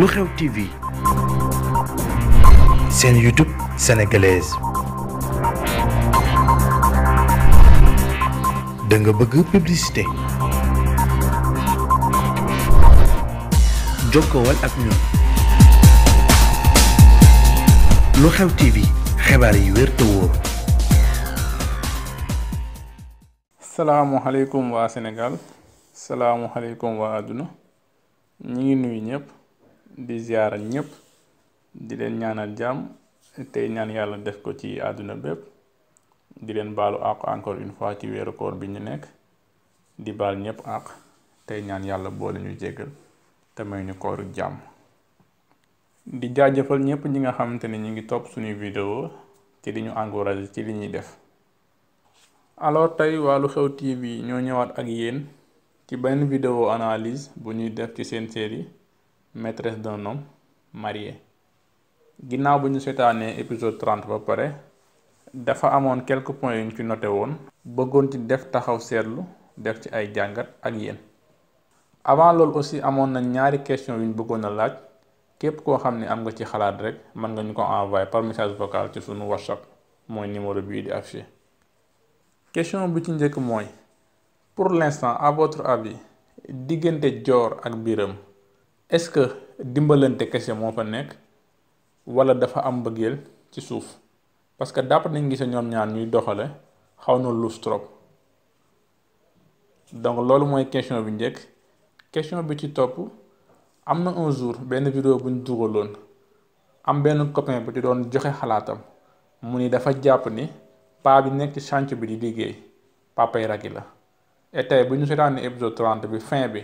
lu xew TV seen YouTube sénégalaise da bëgg publicité jokkowal ak ñun lu xew TV xibaar yi wér te wóor. waa Sénégal salaamualeykum waa àdduna ñu ngi nuyu ñëpp. di ziaral ñëpp di leen ñaanal jàmm tey ñaan yàlla def ko ci àdduna bépp di leen baalu àq encore une fois ci weeru koor bi ñu nekk di baal ñëpp àq tey ñaan yàlla boole ñu jéggal te may ñu kooru jàmm di jaajëfal ñëpp ñi nga xamante ni ñu ngi topp suñuy video ci di ñu encouragé ci li ñuy def alors tey waa Lu Xew TV ñoo ñëwaat ak yéen ci benn vidéo analyse bu ñuy def ci seen série maîtresse d'un homme ginnaaw bu ñu seetaanee épisode 30 ba pare dafa amoon quelques point yu ñu ci noté woon bëggoon ci def taxaw seetlu def ci ay jàngat ak yéen avant loolu aussi amoon na ñaari question yu ñu bëggoon a laaj képp koo xam ne am nga ci xalaat rek mën nga ñu ko envoyé par message vocal ci sunu whatsapp mooy numéro bii di affiché question bi ci njëkk mooy pour l'instant à votre avis diggante joor ak biiram est-ce que dimbalante kese moo fa nekk wala dafa am mbëggeel ci suuf parce que dàpp nañ gise ñoom ñaar ñuy doxale xaw na luus trop donc loolu mooy question bi njëkk question bi ci topp am na un jour benn vidéo bu ñu dugaloon am benn copain bu ci doon joxe xalaatam mu ni dafa jàpp ni paa bi nekk ci chantier bi di liggéey papay ragi la et tey bu ñu seetaanee épisode 30 bi fin bi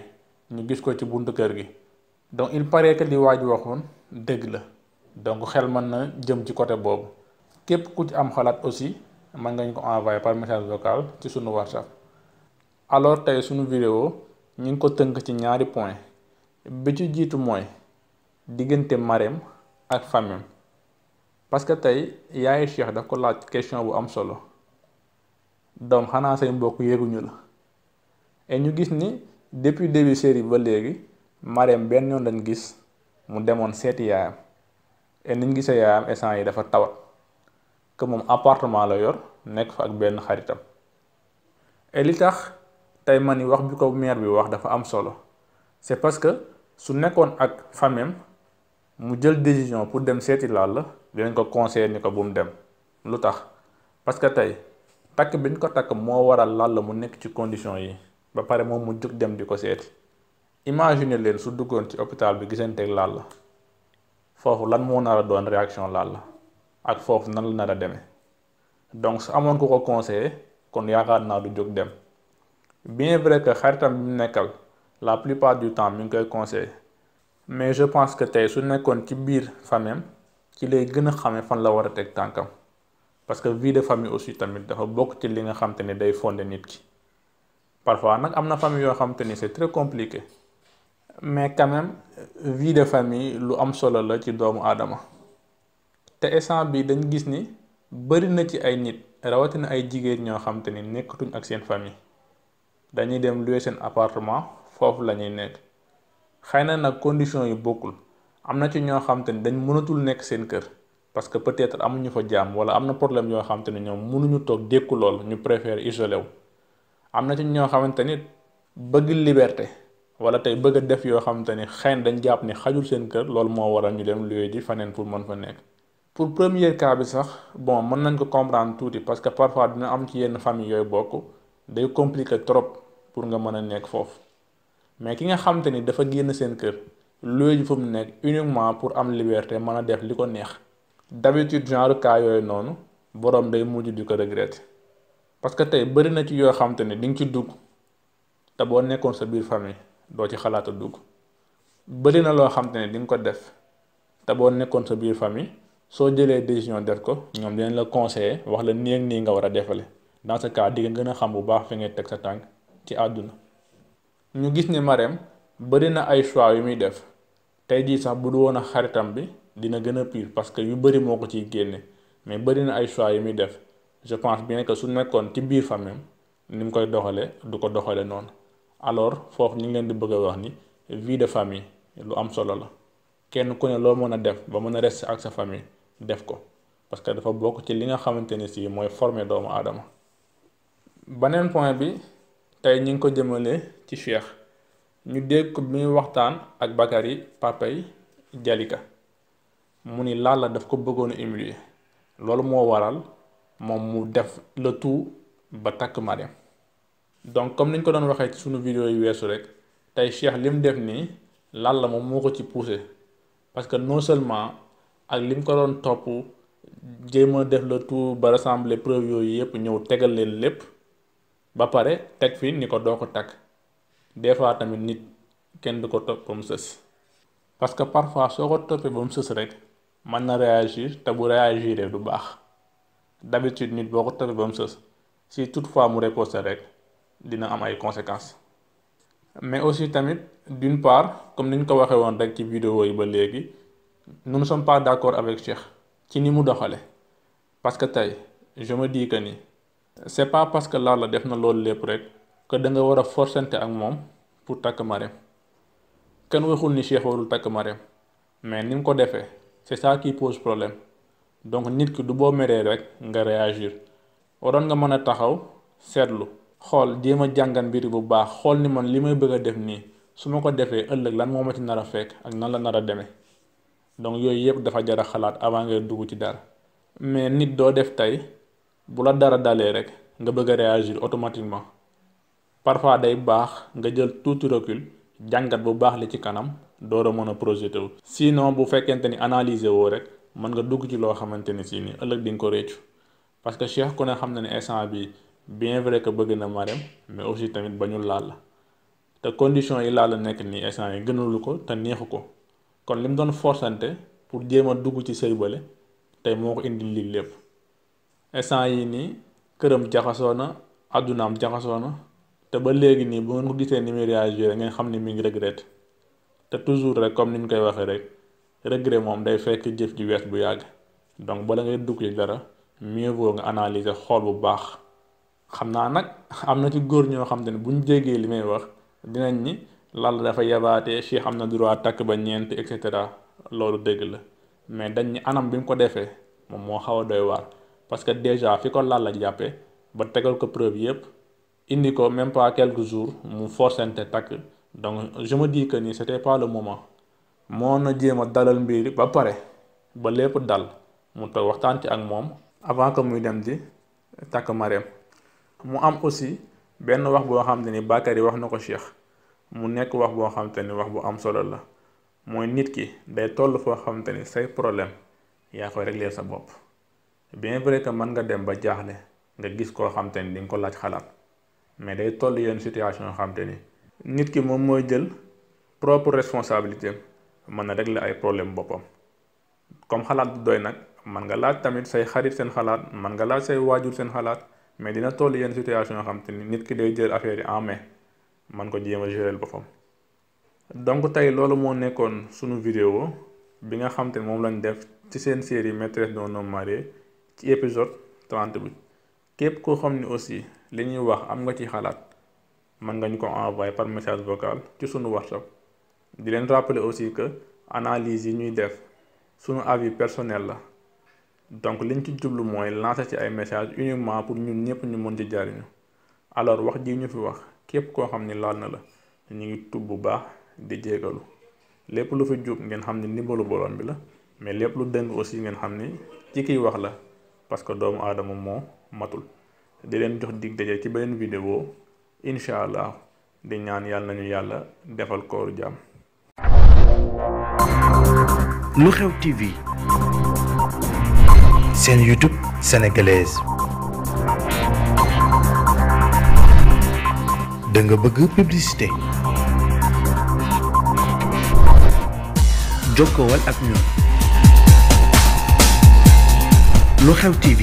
ñu gis ko ci buntu kër gi donc il paraît que li waaj waxoon dëgg la donc xel mën na jëm ci côté boobu képp ku ci am xalaat aussi mën nga ñu ko envoyé par message vocal ci sunu WhatsApp. alors tey sunu vidéo ñu ngi ko tënk ci ñaari point bi ci jiitu mooy diggante Marème ak famille parce que tey yaayu Cheikh daf ko laaj question bu am solo donc xanaa say mbokk yéeguñu la et ñu gis ni depuis début série ba léegi. Marème benn yoon lañ gis mu demoon seeti yaayam et niñ gisee yaayam essence yi dafa tawat que moom appartement la yor nekk fa ak benn xaritam et li tax tey ma ni wax bi ko maire bi wax dafa am solo c'est parce que su nekkoon ak famem mu jël décision pour dem seeti laal la dinañ ko conseil ni ko bu mu dem lu tax parce que tey takk biñ ko takk moo waral laal mu nekk ci condition yi ba pare moom mu jóg dem di ko seeti imagine leen su duggoon ci hôpital bi gisanteeg Lalla foofu lan moo nar a doon réaction Lalla ak foofu nan la nar a demee donc su amoon ko ko conseillé kon yaakaar naa du jóg dem bien vrai que xaritam bi mu nekkal la plupart du temps mi ngi koy conseillé mais je pense que tey su nekkoon ci biir famille ci lay gën a xamee fan la war a teg tànkam parce que vie de famille aussi tamit dafa bokk ci li nga xam te ni day fondé nit ki parfois nag am na famille yoo xam ni c'est très compliqué. mais quand vie de famille lu am solo la ci doomu aadama te essence bii dañ gis ni bëri na ci ay nit rawatina ay jigéen ñoo xam te ni nekkatuñ ak seen famille dañuy dem louer seen appartement foofu la ñuy nekk xëy na nag conditions yi bokkul am na ci ñoo xam ni dañ mënatul nekk seen kër parce que peut-être amuñu fa jàmm wala am na problème yoo xam te ne ñoom mënuñu toog dékku lool ñu préfère isolé wu am na ci ñoo xamante nit bëgg liberté. wala tey bëgg def yoo xam te ni xëy na dañ jàpp ni xajul seen kër loolu moo waral ñu dem luye ji faneen pour mën fa nekk. pour premier cas bi sax bon mën nañ ko comprendre tuuti parce que parfois dina am ci yenn famille yooyu bokk day compliqué trop pour nga mën a nekk foofu mais ki nga xam ni dafa génn seen kër luye ji fu mu nekk uniquement pour am liberté mën a def li ko neex. d'habitude genre cas yooyu noonu borom day mujj di ko regretter parce que tey bëri na ci yoo xam te ni di ci dugg te boo nekkoon sa biir famille. doo ci xalaat dugg bëri na loo xam te ne di nga ko def te boo nekkoon sa biir famille soo jëlee décision def ko ñoom dinañ la conseiller wax la nii ak nii nga war a defale dans ce cas di gën a xam bu baax fi ngay teg sa tànk ci àdduna. ñu gis ni Marème bëri na ay choix yu muy def tey jii sax bu du woon a xaritam bi dina gën a pire parce que yu bëri moo ko ciy génne mais bëri na ay choix yu muy def je pense bien que su nekkoon ci biir famille ni mu koy doxalee du ko doxalee noonu. alors foofu ñu ngi leen di bëgg wax ni vie de famille lu am solo la kenn ku ne loo mën a def ba mën a rester ak sa famille def ko parce que dafa bokk ci li nga xamante ni si mooy former doomu aadama. beneen point bi tey ñu ngi ko jëmale ci Cheikh ñu dégg ko bi muy waxtaan ak Bakary papay Jalika mu ni la daf ko bëggoon a humilier loolu moo waral moom mu def le tout ba takk Mariam donc comme ni ñu ko doon waxee ci sunu vidéo yu weesu rek tey Cheikh lim def nii Lalla moom moo ko ci poussé parce que non seulement ak lim ko doon topp jéem a def le tout ba rassembler preuve yooyu yëpp ñëw tegal leen lépp ba pare teg fi ni ko doo ko takk des fois tamit nit kenn du ko topp ba mu sës parce que parfois soo ko toppee ba mu sës rek mën na réagir te bu réagir du baax d'habitude nit boo ko toppee ba mu sës si toutefois mu réposé rek. dina am ay conséquences mais aussi tamit d'une part comme ni ñu ko waxee woon rek ci vidéo yi ba léegi nous ne sommes pas d'accord avec Cheikh ci ni mu doxale parce que tey je me dis que ni c'est pas parce que Lalla def na loolu lépp rek que da nga war a forcente ak moom pour takk Marème kenn waxul ni Cheikh takk Marème mais ni mu ko defee c'est ça qui pose problème donc nit ki du boo meree rek nga réagir waroon nga mën a taxaw seetlu xool jéem a jàngan mbir bu baax xool ni man li may bëgg a def nii su ma ko defee ëllëg lan moo ma ci nar a fekk ak nan la nar a demee donc yooyu yëpp dafa jar a xalaat avant ngay dugg ci dara mais nit doo def tey bu la dara dalee rek nga bëgg a réagir automatiquement parfois day baax nga jël tuuti recul jàngat bu baax li ci kanam door a mën a projeté wu. sinon bu fekkente ni analyser woo rek mën nga dugg ci loo xamante ni si ni ëllëg di nga ko réccu parce que Cheikh ku xam na ne instant bi bien vrai que bëgg na Marème mais aussi tamit ba ñu laal la te condition yi Lalla nekk nii instant yi gënulu ko te neexu ko kon li mu doon forçante pour jéem a dugg ci sëy bële tey moo ko indi lii lépp instant yi nii këram jaxasoo na àddunaam jaxasoo na te ba léegi nii bu ngeen ko gisee ni muy ngeen xam ni mi ngi regrette te toujours rek comme ni ñu koy waxee rek regret moom day fekk jëf ji wees bu yàgg donc bala ngay dugg ci dara mieux nga analyser xool bu baax. xam naa nag am na ci góor ñoo xam ne bu ñu jéggee li may wax dinañ ni lal dafa yabaatee Cheikh xam na droit takk ba ñeent et cetera loolu dëgg la mais dañ ni anam bi mu ko defee moom moo xaw a doy waar parce que déjà fi ko lal la jàppee ba tegal ko preuve yëpp indi ko même pas quelques jour mu forcenté takk donc je me dis que ni c'était pas le moment moo na jéem a dalal mbir ba pare ba lépp dal mu toog waxtaan ci ak moom avant que muy dem di takk mareem mu am aussi benn wax boo xam te ni Bakary wax na ko Cheikh mu nekk wax boo xam te wax bu am solo la mooy nit ki day toll foo xam ni say problème yaa koy réglé sa bopp bien vrai que mën nga dem ba jaaxle nga gis koo xam te ni nga ko laaj xalaat mais day toll yenn situation yoo xam ni nit ki moom mooy jël propre responsabilité mën na régler ay problème boppam comme xalaat du nag mën nga laaj tamit say xarit seen xalaat mën nga laaj say waajur seen xalaat mais dina toll yenn situation yoo xam te ni nit ki day jël affaire en main man ko jéem a gérer boppam donc tey loolu moo nekkoon sunu vidéo bi nga xam te moom lañ def ci seen série maîtresse d'un homme marié ci épisode trente bi képp koo xam ni aussi li ñuy wax am nga ci xalaat mën nga ñu ko envoyé par message vocal ci sunu whatsapp di leen rappeler aussi que analyse yi ñuy def sunu avis personnel la donc liñ ci jublu mooy lancer ci ay message uniquement pour ñun ñëpp ñu mën ci jariñu alors wax ji ñu fi wax képp koo xam ni laal na la ñu ngi tub bu baax di jégalu lépp lu fi jub ngeen xam ni ndimbalu boroom bi la mais lépp lu dëng aussi ngeen xam ni ci kiy wax la parce que doomu aadama moo matul di leen jox digg daje ci beneen vidéo incha allah di ñaan yàlla nañu yàlla defal kooru jàmm. lu xew TV. seen YouTube sénégalaise da bëgg publicité jokkool ak ñun lu xew TV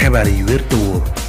xibaar yi wér te